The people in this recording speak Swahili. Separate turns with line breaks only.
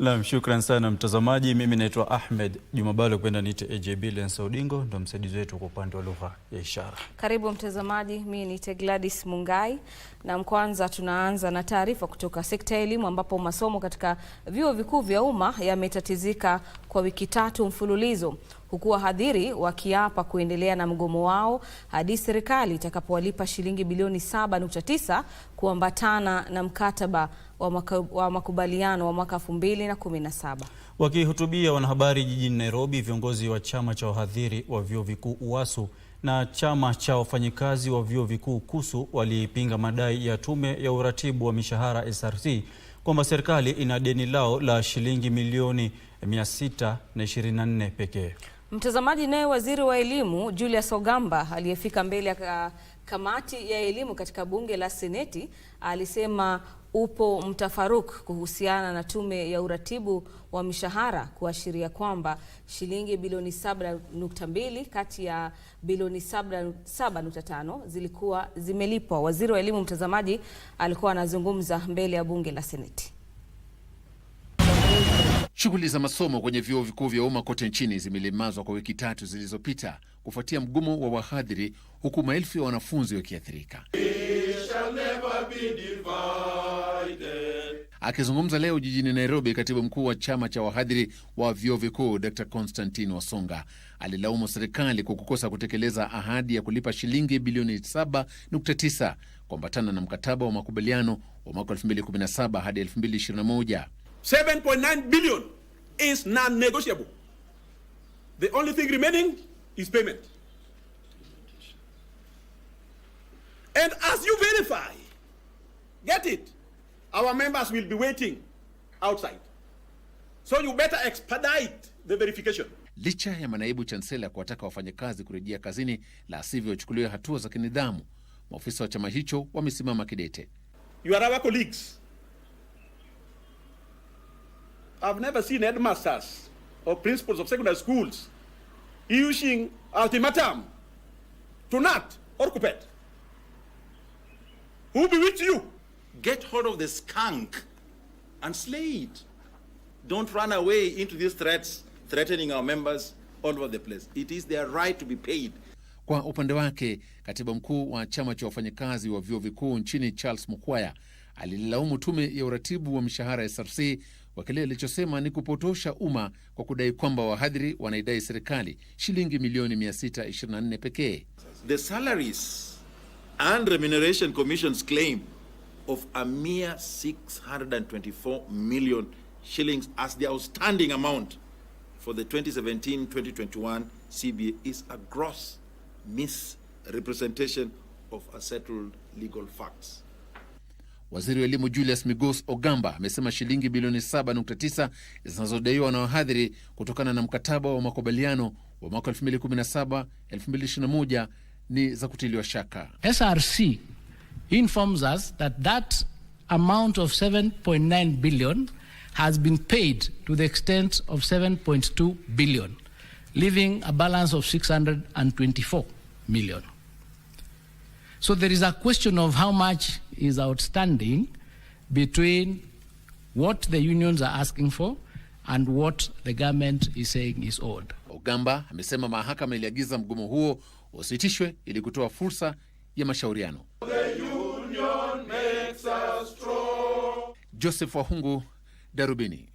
Naam, shukran sana mtazamaji. Mimi naitwa Ahmed Jumabalo, kwenda niite AJB Lensa Odingo, ndo msaidizi wetu kwa upande wa lugha ya ishara.
Karibu mtazamaji, mimi niite Gladys Mungai, na kwanza tunaanza na taarifa kutoka sekta ya elimu ambapo masomo katika vyuo vikuu vya umma yametatizika kwa wiki tatu mfululizo huku wahadhiri wakiapa kuendelea na mgomo wao hadi serikali itakapowalipa shilingi bilioni 7.9 kuambatana na mkataba wa makubaliano wa mwaka 2017.
Wakihutubia wanahabari jijini Nairobi, viongozi wa chama cha wahadhiri wa vyuo vikuu UASU na chama cha wafanyikazi wa vyuo vikuu KUSU waliipinga madai ya tume ya uratibu wa mishahara SRC kwamba serikali ina deni lao la shilingi milioni 624 pekee.
Mtazamaji, naye waziri wa elimu Julius Ogamba aliyefika mbele ya kamati ya elimu katika bunge la Seneti alisema upo mtafaruku kuhusiana na tume ya uratibu wa mishahara kuashiria kwamba shilingi bilioni 7.2 kati ya bilioni 7.5 zilikuwa zimelipwa. Waziri wa elimu mtazamaji alikuwa anazungumza mbele ya bunge la Seneti.
Shughuli za masomo kwenye vyuo vikuu vya umma kote nchini zimelemazwa kwa wiki tatu zilizopita kufuatia mgomo wa wahadhiri, huku maelfu ya wanafunzi wakiathirika. Akizungumza leo jijini Nairobi, katibu mkuu wa chama cha wahadhiri wa vyuo vikuu Dr Constantine Wasonga alilaumu serikali kwa kukosa kutekeleza ahadi ya kulipa shilingi bilioni 7.9 kuambatana na mkataba wa makubaliano wa mwaka 2017 hadi 2021.
7.9 billion is non-negotiable. The only thing remaining is payment. And as you verify, get it. Our members will be waiting outside. So you better expedite the verification.
Licha ya manaibu chansela kuwataka wafanyakazi kurejea kazini, la sivyo wachukuliwe hatua za kinidhamu, maofisa wa chama hicho wamesimama kidete.
You are our colleagues. I've never seen headmasters or principals of secondary schools issuing ultimatum to NAT or KUPPET. Who bewitched you?
Get hold of the skunk and slay it. Don't run away into these threats, threatening our members all over the place. It is their right to be paid.
Kwa upande wake, katibu mkuu wa chama cha wafanyakazi wa vyuo vikuu nchini Charles Mukwaya alilaumu tume ya uratibu wa mishahara SRC kwa kile alichosema ni kupotosha umma kwa kudai kwamba wahadhiri wanaidai serikali shilingi milioni 624 pekee.
The Salaries and Remuneration Commission's claim of a mere 624 million shillings as the outstanding amount for the 2017-2021 CBA is a gross misrepresentation of a settled legal facts.
Waziri wa elimu Julius Migos Ogamba amesema shilingi bilioni 7.9 zinazodaiwa na wahadhiri kutokana na mkataba wa makubaliano wa mwaka 2017-2021 ni za kutiliwa shaka.
SRC he informs us that that amount of 7.9 billion has been paid to the extent of 7.2 billion, leaving a balance of 624 million. So there is a question of how much is outstanding between what the unions are asking for and what the government is saying is owed.
Ogamba amesema mahakama iliagiza mgomo huo usitishwe ili kutoa fursa ya mashauriano. Joseph Wahungu, Darubini.